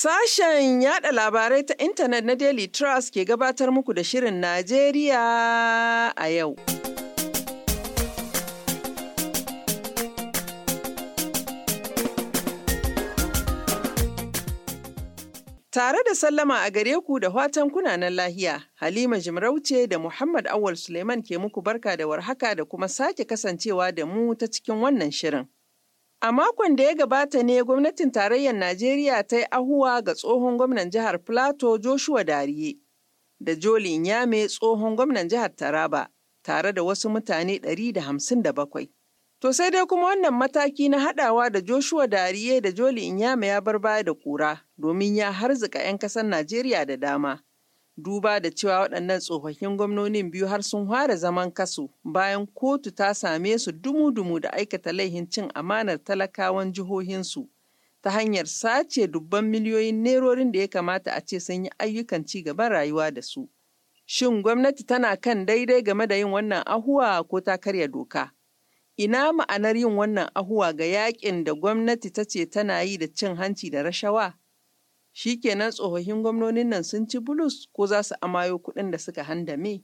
Sashen yada labarai ta intanet na Daily Trust ke gabatar muku da Shirin Najeriya a yau. Tare da sallama a gare ku da watan kunanan lahiya, Halima Jimarauce da Muhammad Awal Suleiman ke muku barka da warhaka da kuma sake kasancewa da mu ta cikin wannan shirin. A makon da ya gabata ne gwamnatin tarayyar Najeriya ta yi ahuwa ga tsohon gwamnan jihar Filato Joshua Dariye da Joli Nyame tsohon gwamnan jihar Taraba tare da wasu mutane ɗari da da hamsin bakwai. To sai dai kuma wannan mataki na haɗawa da Joshua Dariye da Joli Yame ya bar baya da kura domin ya harzika 'yan ƙasar Najeriya da dama. duba da cewa waɗannan tsofaffin gwamnonin biyu har sun fara zaman kasu bayan kotu ta same su dumu-dumu da aikata laihin cin amanar talakawan jihohinsu ta hanyar sace dubban miliyoyin nerorin da ya kamata a ce sun yi ayyukan ci gaban rayuwa da su. Shin gwamnati tana kan daidai game da yin wannan ahuwa ko ta karya doka? Ina ma'anar yin wannan ahuwa ga yaƙin da gwamnati ta ce tana yi da cin hanci da rashawa? Shi kenan tsofaffin gwamnonin nan sun ci bulus ko za su amayo kuɗin da suka handame.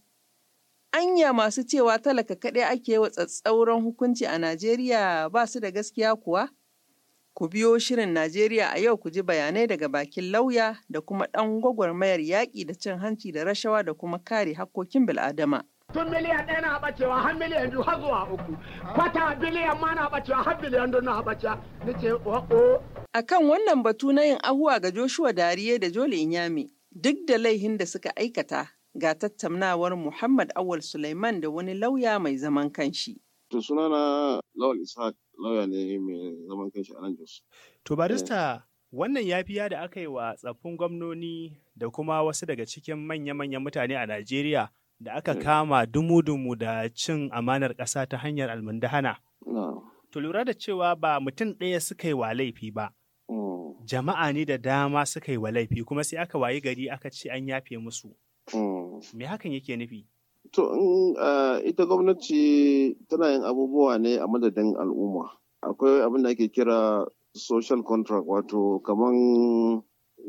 Anya masu cewa talaka kaɗai ake wa tsatsauran hukunci a Najeriya ba su da gaskiya kuwa? Ku biyo shirin Najeriya a yau ku ji bayanai daga bakin lauya da kuma ɗan gwagwarmayar yaƙi da cin hanci da rashawa da kuma kare hakkokin bil'adama. tun miliyan ɗaya na ɓacewa har miliyan biyu har zuwa uku kwata biliyan ma na ɓacewa har biliyan biyu na ɓacewa. ni ce oh, oh. akan wannan batu na yin ahuwa ga Joshua Dariye da Jole Inyame duk da laihin da suka aikata ga tattaunawar Muhammad Awal Sulaiman da wani lauya mai zaman kanshi. To sunana Lawal Ishaq lauya ne mai zaman kanshi a nan Jos. To barista eh. wannan yafiya da aka yi wa tsaffin gwamnoni da kuma wasu daga cikin manya-manyan mutane a Najeriya da aka eh. kama dumu-dumu da cin amanar ƙasa ta hanyar almundahana. To lura da cewa ba mutum ɗaya suka yi wa laifi ba, jama'a ne da dama suka yi wa laifi kuma sai aka wayi gari aka ce an yafe musu. Hmm. Me hakan yake nufi? To, eh, ita gwamnati tana yin abubuwa ne a madadin al'umma. Akwai abin da ake kira social contract wato kamar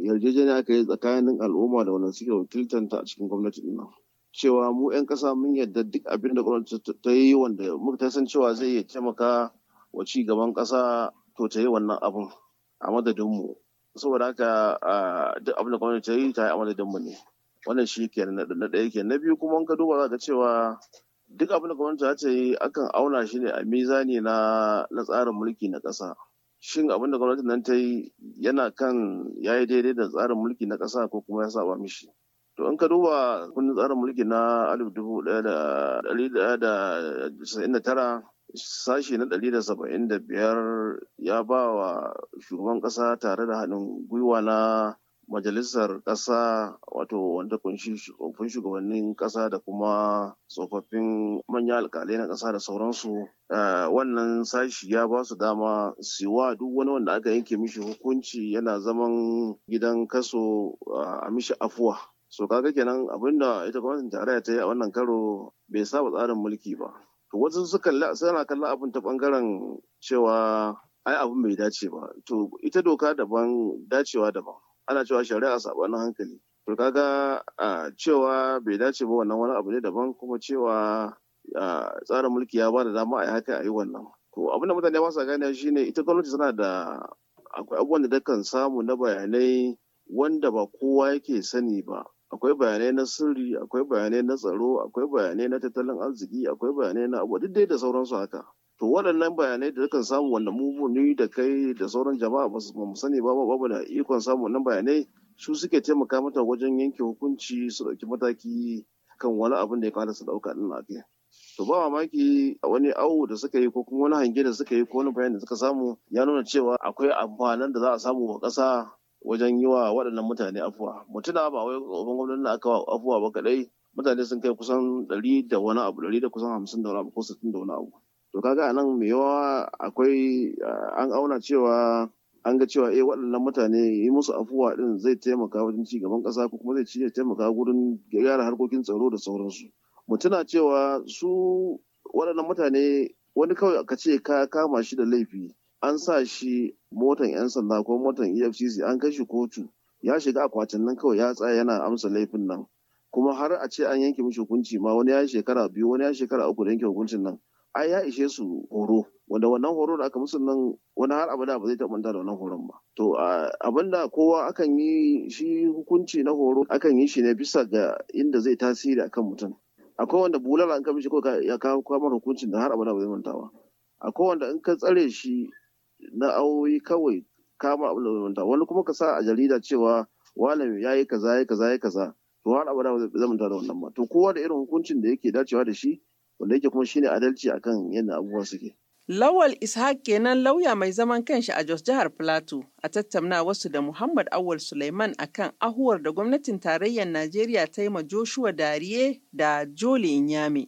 yarjejeniya aka yi tsakanin al'umma da wanda suke wakiltanta a cikin gwamnati nan. Cewa mu 'yan ƙasa mun yarda duk abin da gwamnati ta yi wanda muka san cewa zai taimaka wa ci gaban ƙasa to ta yi wannan abin. a madadinmu saboda haka duk abin da gwamnati ta yi ta yi a madadinmu ne wannan shi ke na ɗaya ke na biyu kuma ka duba za cewa duk abin da gwamnati ta ce akan auna shi ne a mizani na na tsarin mulki na ƙasa shin abin da gwamnati nan ta yi yana kan ya yi daidai da tsarin mulki na ƙasa ko kuma ya saba mishi to in ka duba kundin tsarin mulki na alif dubu ɗaya da ɗari da tara sashi na da da saba'in biyar ya ba wa shugaban ƙasa tare da haɗin gwiwa na majalisar ƙasa wato wanda kunshi shugabannin ƙasa da kuma tsofaffin manya alƙalai na ƙasa da sauransu eh, wannan sashi ya ba su dama siwa duk wani wanda aka yanke mishi hukunci yana zaman gidan kaso eh, a mishi afuwa so kaga kenan abinda ita gwamnatin tarayya ta yi a wannan karo bai saba tsarin mulki ba to wasu suka suna kallon abin ta bangaren cewa ai abin bai dace ba to ita doka daban dacewa daban ana cewa shari'a sabanin hankali to kaga cewa bai dace ba wannan wani abu ne daban kuma cewa tsarin mulki ya ba da dama a yi haka a yi wannan to abin da mutane ba sa gane shine ita gwamnati tana da akwai abubuwan da kan samu na bayanai wanda ba kowa yake sani ba akwai bayanai na sirri akwai bayanai na tsaro akwai bayanai na tattalin arziki akwai bayanai na abu duk dai da sauransu haka to waɗannan bayanai da kan samu wanda mu ni da kai da sauran jama'a ba mu sani ba babu da ikon samu wannan bayanai su suke taimaka mata wajen yanke hukunci su ɗauki mataki kan wani abin da ya kamata su dauka ɗin a to ba mamaki wani awo da suka yi ko kuma wani hange da suka yi ko wani bayani da suka samu ya nuna cewa akwai amfanin da za a samu wa ƙasa wajen yi wa waɗannan mutane afuwa mutuna ba wai tsofaffin gwamnati da aka afuwa ba kaɗai mutane sun kai kusan ɗari da wani abu ɗari da kusan hamsin da wani abu ko sittin da wani abu to kaga a nan mai yawa akwai eh, an auna cewa an ga cewa eh waɗannan mutane yi musu afuwa ɗin zai taimaka wajen ci gaban ƙasa ko kuma zai ci taimaka gurin gyara harkokin tsaro da sauransu mutuna cewa su waɗannan mutane wani kawai ka ce ka kama shi da laifi an sa shi motan 'yan sanda ko motan efcc an kai shi kotu ya shiga akwatin nan kawai ya tsaya yana amsa laifin nan kuma har a ce an yanke mishi hukunci ma wani ya shekara biyu wani ya shekara uku da yanke hukuncin nan ai ya ishe su horo wanda wannan horo da aka musu nan wani har abada ba zai taɓa da wannan horon ba to abinda kowa akan yi shi hukunci na horo akan yi shi ne bisa ga inda zai tasiri akan mutum akwai wanda bulala an shi ko ya kawo kamar hukuncin da har abada ba zai manta ba akwai wanda in ka tsare shi na awoyi kawai kama abu da wani kuma ka sa a jarida cewa wani ya yi kaza ya kaza ya kaza to wani abu da zai manta da wannan ba to kowa da irin hukuncin da yake dacewa da shi wanda yake kuma shine adalci akan yadda abubuwa suke. Lawal Ishaq kenan lauya mai zaman kanshi a Jos Jihar Plateau a tattauna wasu da Muhammad Awal Suleiman akan ahuwar da gwamnatin tarayyar Najeriya ta yi ma Joshua Dariye da Jolin Yame.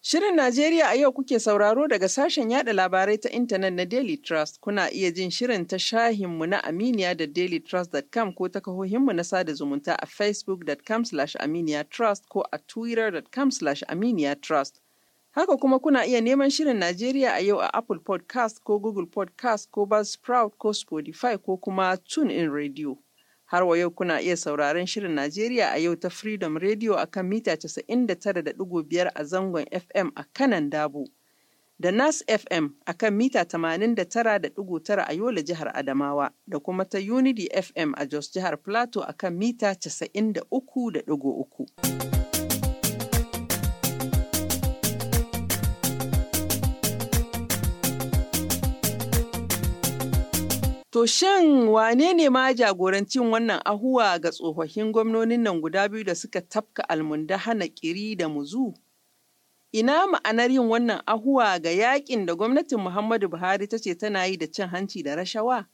Shirin Najeriya a yau kuke sauraro daga sashen yada labarai ta intanet na Daily Trust. Kuna iya jin shirin ta shahinmu na Aminiya da dailytrust.com ko ta kahohinmu na sada zumunta a facebookcom aminiyatrust ko a twittercom aminiyatrust. Haka kuma kuna iya neman shirin Najeriya a yau a Apple podcast ko Google podcast ko Buzzsprout ko Spotify ko kuma tune in Radio. Har wa yau kuna iya sauraron Shirin Najeriya a yau ta Freedom Radio a kan mita 99.5 a zangon FM a kanan Dabo. Da Nas FM a kan mita 89.9 a Yola jihar Adamawa da kuma ta Unity FM a Jos jihar Plateau a kan mita 93.3. To shin wane ne ma jagorancin wannan ahuwa ga tsofaffin gwamnonin nan guda biyu da suka tafka almunda hana ƙiri da muzu? Ina ma'anar yin wannan ahuwa ga yakin da gwamnatin Muhammadu Buhari ta ce tana yi da cin hanci da rashawa?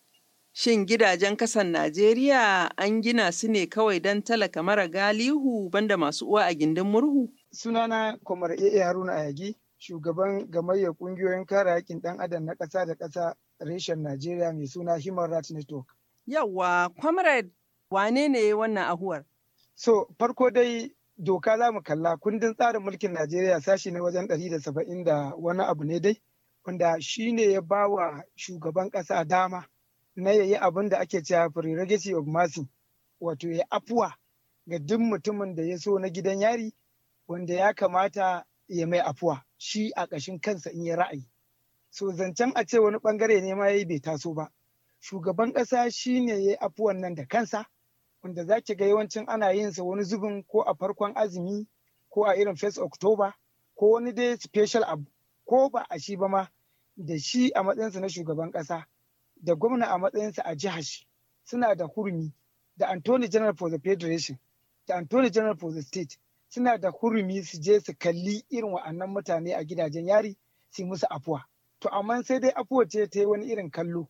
Shin gidajen kasan Najeriya an gina su ne kawai don talaka mara galihu banda masu uwa a gindin murhu? Sunana Kwamar A.A. Haruna Ayagi, shugaban gamayyar ƙungiyoyin kare haƙƙin ɗan adam na ƙasa da ƙasa reshen Najeriya mai suna Human Rights Network. Yawwa, Comrade wane ne wannan ahuwar? So, farko dai doka za mu kalla kundin tsarin mulkin Najeriya sashi ne wajen ɗari da saba'in da wani abu ne dai, wanda shi ne ya ba wa shugaban ƙasa dama na yayi yi abin da ake cewa prerogative of mercy, wato ya afuwa ga duk mutumin da ya so na gidan yari wanda ya kamata ya mai afuwa shi a ƙashin kansa in ya ra'ayi. so zancen a ce wani bangare ne ma yayi bai taso ba shugaban ƙasa shine yayi afuwan nan da kansa wanda za ki ga yawancin ana yin sa wani zubin ko a farkon azumi ko a irin first october ko wani dai special abu ko ba a shi ba ma da shi a matsayinsa na shugaban ƙasa da gwamna a matsayinsa a jihar shi suna da hurumi da Antony General for the Federation da Antony General for the State suna da hurumi su je su kalli irin wa'annan mutane a gidajen yari su musu afuwa. to amma sai dai afuwa ce ta yi wani irin kallo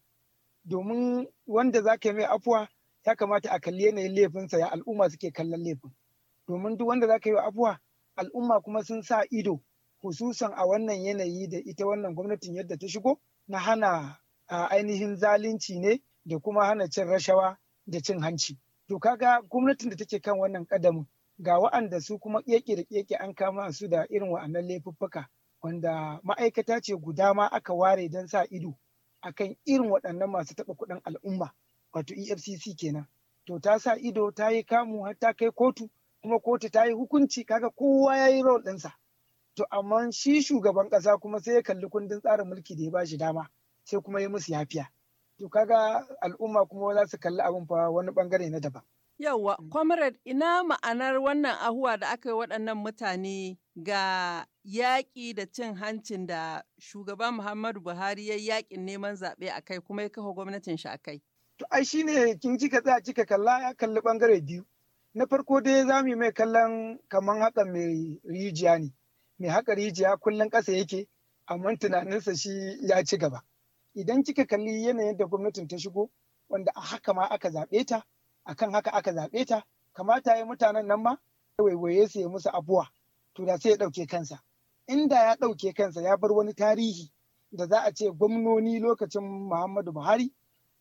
domin wanda za ka yi mai afuwa ya kamata a kalli yanayin laifinsa ya al'umma suke kallon laifin domin duk wanda za ka yi wa afuwa al'umma kuma sun sa ido hususan a wannan yanayi da ita wannan gwamnatin yadda ta shigo na hana ainihin zalunci ne da kuma hana cin rashawa da cin hanci to kaga gwamnatin da take kan wannan kadamin ga wa'anda su kuma keke da keke an kama su da irin wa'annan laifuffuka wanda ma'aikata ce guda ma aka ware don sa ido akan irin waɗannan masu taɓa kuɗin al'umma wato efcc kenan to ta sa ido ta yi kamu har ta kai kotu kuma kotu ta yi hukunci kaga kowa ya yi rol ɗinsa to amma shi shugaban ƙasa kuma sai ya kalli kundin tsarin mulki da ya ba dama sai kuma ya musu yafiya to kaga al'umma kuma za su kalli abin fa wani bangare na daban yawwa mm. comrade ina ma'anar wannan ahuwa da aka yi waɗannan mutane ga yaƙi da cin hancin da shugaban Muhammadu Buhari ya yaƙin neman zaɓe a kai kuma ya kafa gwamnatin shi a kai. To ai shi ne kin ji za kika kalla ya kalli ɓangare biyu. Na farko dai za mu yi mai kallon kaman haka mai rijiya ne. Mai haka rijiya kullum ƙasa yake amma tunaninsa shi ya ci gaba. Idan kika kalli yanayin da gwamnatin ta shigo wanda a haka ma aka zaɓe ta akan haka aka zaɓe ta kamata ya mutanen nan ma waiwaye su ya musu abuwa. to da sai ya ɗauke kansa inda ya ɗauke kansa ya bar wani tarihi da za a ce gwamnoni lokacin muhammadu buhari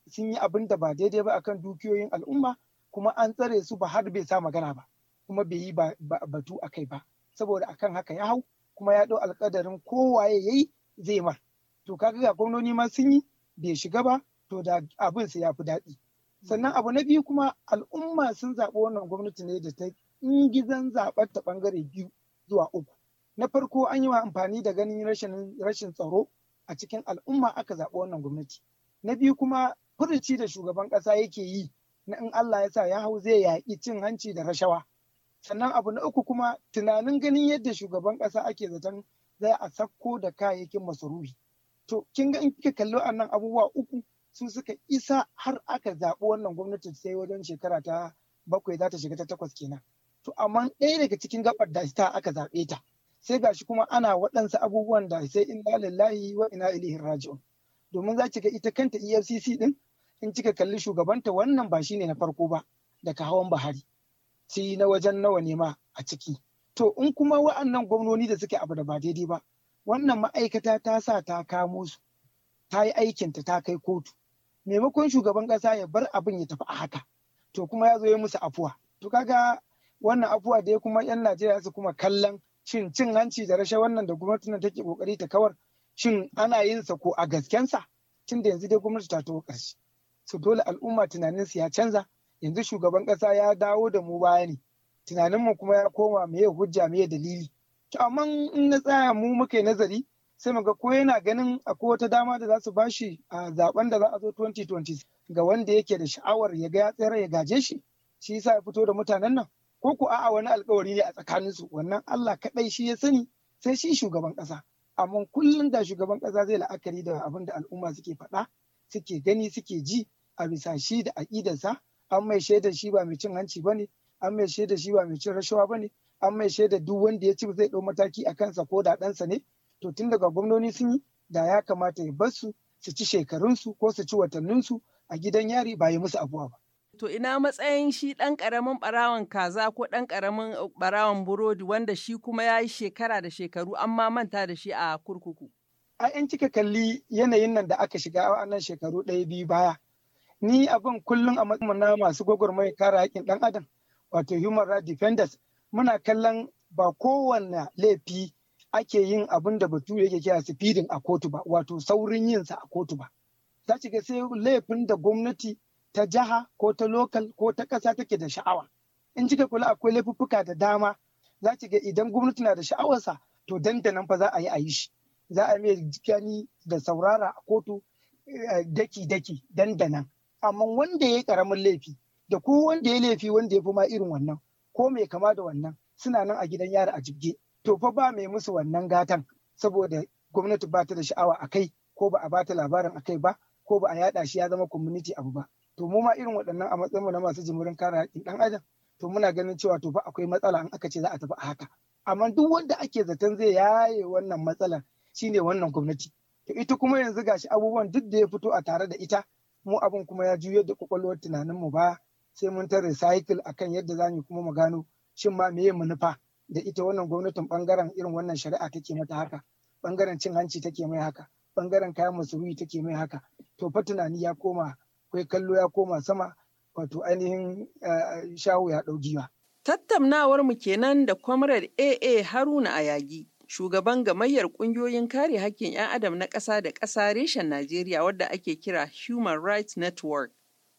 sun yi abin da ba daidai ba akan dukiyoyin al'umma kuma an tsare su ba har bai sa magana ba kuma bai yi batu a kai ba saboda akan haka ya hau kuma ya ɗau alkadarin kowaye ya yi zai mar to kaga ga gwamnoni ma sun yi bai shiga ba to da abin su ya fi daɗi sannan abu na biyu kuma al'umma sun zaɓi wannan gwamnati ne da ta ingizan zaɓar ta ɓangare biyu zuwa uku. Na farko an yi wa amfani da ganin rashin tsaro a cikin al'umma aka zaɓi wannan gwamnati. Na biyu kuma furuci da shugaban ƙasa yake yi na in Allah ya sa ya hau zai yaƙi cin hanci da rashawa. Sannan abu na uku kuma tunanin ganin yadda shugaban ƙasa ake zaton za a sakko da kayayyakin masarufi. To kin ga in kika kalli wannan abubuwa uku su suka isa har aka zaɓi wannan gwamnati sai wajen shekara ta bakwai za ta shiga ta takwas kenan. to amma ɗaya daga cikin gabar da ta aka zaɓe ta sai gashi kuma ana waɗansu abubuwan da sai in lillahi wa ina ilihin raji'un domin za ki ga ita kanta EFCC din in cika kalli shugabanta wannan ba shi ne na farko ba daga hawan Bahari. Ci na wajen nawa ne ma a ciki to in kuma wa'annan gwamnoni da suke abu da ba daidai ba wannan ma'aikata ta sa ta kamo su ta yi aikinta ta kai kotu maimakon shugaban ƙasa ya bar abin ya tafi a haka to kuma ya zo ya musu afuwa to kaga wannan abubuwa dai kuma 'yan najeriya su kuma kallon shin cin hanci da rashe wannan da gwamnati nan take kokari ta kawar shin ana yin sa ko a gaskensa tun da yanzu dai gwamnati ta tawo ƙarshe su dole al'umma tunanin su ya canza yanzu shugaban ƙasa ya dawo da mu baya ne tunanin mu kuma ya koma meye hujja ya dalili to amma in na tsaya mu muka nazari sai muga ko yana ganin akwai wata dama da za su bashi a zaben da za a zo 2020 ga wanda yake da sha'awar ya ga ya tsere ya gaje shi shi yasa ya fito da mutanen nan ko ku a'a wani alkawari ne a su wannan Allah kaɗai shi ya sani sai shi shugaban ƙasa amma kullum da shugaban ƙasa zai la'akari da abin da al'umma suke faɗa suke gani suke ji a bisa shi da aƙidarsa an mai shaida shi ba mai cin hanci ba ne an mai shaida shi ba mai cin rashawa ba ne an mai shaida duk wanda ya ci zai ɗau mataki a kansa ko da ɗansa ne to tun daga gwamnoni sun yi da ya kamata ya bar su su ci shekarunsu ko su ci watanninsu a gidan yari ba ya musu abuwa ba. To ina matsayin shi ɗan ƙaramin ɓarawon kaza ko ɗan ƙaramin uh, ɓarawon burodi wanda shi kuma ya yi shekara da shekaru amma manta da shi a kurkuku. A in kika kalli yanayin nan da aka shiga a nan shekaru ɗaya biyu baya. Ni abin kullum a matsayin na masu gwagwarmaya kare haƙƙin ɗan adam wato human rights defenders muna kallon ba kowanne laifi ake yin abin da batu yake kira speeding a kotu ba wato saurin yinsa a kotu ba. Za ki sai laifin da gwamnati ta jiha ko ta lokal ko ta ƙasa take da sha'awa in kika kula akwai laifuffuka da dama za ki ga idan gwamnati na da sha'awarsa to dandanan fa za a yi a yi shi za a mai jikani da saurara a kotu daki-daki eh, dandanan amma wanda ya yi ƙaramin laifi da ko wanda ya laifi wanda ya fi ma irin wannan ko mai kama da wannan suna nan a gidan yari a jibge to fa ba mai musu wannan gatan saboda gwamnati ba ta da sha'awa a kai ko ba a ba ta labarin a kai ba ko ba a yaɗa shi ya zama community abu ba to mu ma irin waɗannan a matsayin mu na masu jimurin kare haƙƙin ɗan adam to muna ganin cewa to fa akwai matsala in aka ce za a tafi a haka amma duk wanda ake zaton zai yaye wannan matsalar shine wannan gwamnati to ita kuma yanzu gashi abubuwan duk da ya fito a tare da ita mu abin kuma ya juyo da kwakwalwar tunanin mu ba sai mun ta recycle akan yadda zamu kuma mu gano shin ma meye manufa da ita wannan gwamnatin bangaren irin wannan shari'a take mata haka bangaren cin hanci take mai haka bangaren kayan masarufi take mai haka to fa tunani ya koma kai kallo ya koma sama wato ainihin eh, shawo ya ɗau jiwa. Tattamnawar mu kenan da Comrade AA Haruna Ayagi, shugaban gamayyar ƙungiyoyin kare haƙƙin 'yan adam na ƙasa da ƙasa reshen Najeriya wadda ake kira Human Rights Network,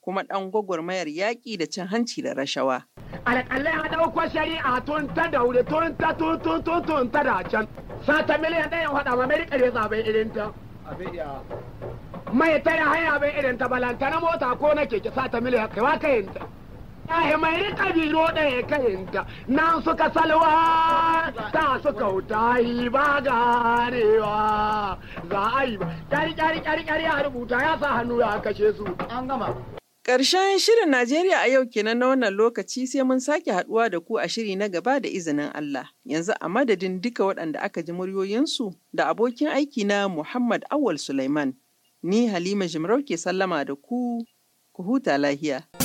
kuma ɗan gwagwarmayar yaƙi da cin hanci da rashawa. Alƙalai a ɗauko shari'a tun ta da wuri tun ta tun tun tun tun ta da can. Sata miliyan ɗayan faɗa ma Amerika ne zaɓen irin ta. Abin mai tare haya bai irin ta balanta na mota ko na keke sa ta miliyan kaiwa kayinta Ai mai rika biro ɗaya yinta nan suka salwa ta suka wuta yi ba ganewa za a yi ba ƙyari ƙyari ƙyari ƙyari ya rubuta ya sa hannu ya kashe su an gama Ƙarshen shirin Najeriya a yau kenan na wannan lokaci sai mun sake haɗuwa da ku a shiri na gaba da izinin Allah. Yanzu a madadin duka waɗanda aka ji muryoyinsu da abokin aiki na Muhammad Awal Sulaiman. Ni Halima Jimarau ke sallama da ku, ku huta lahiya.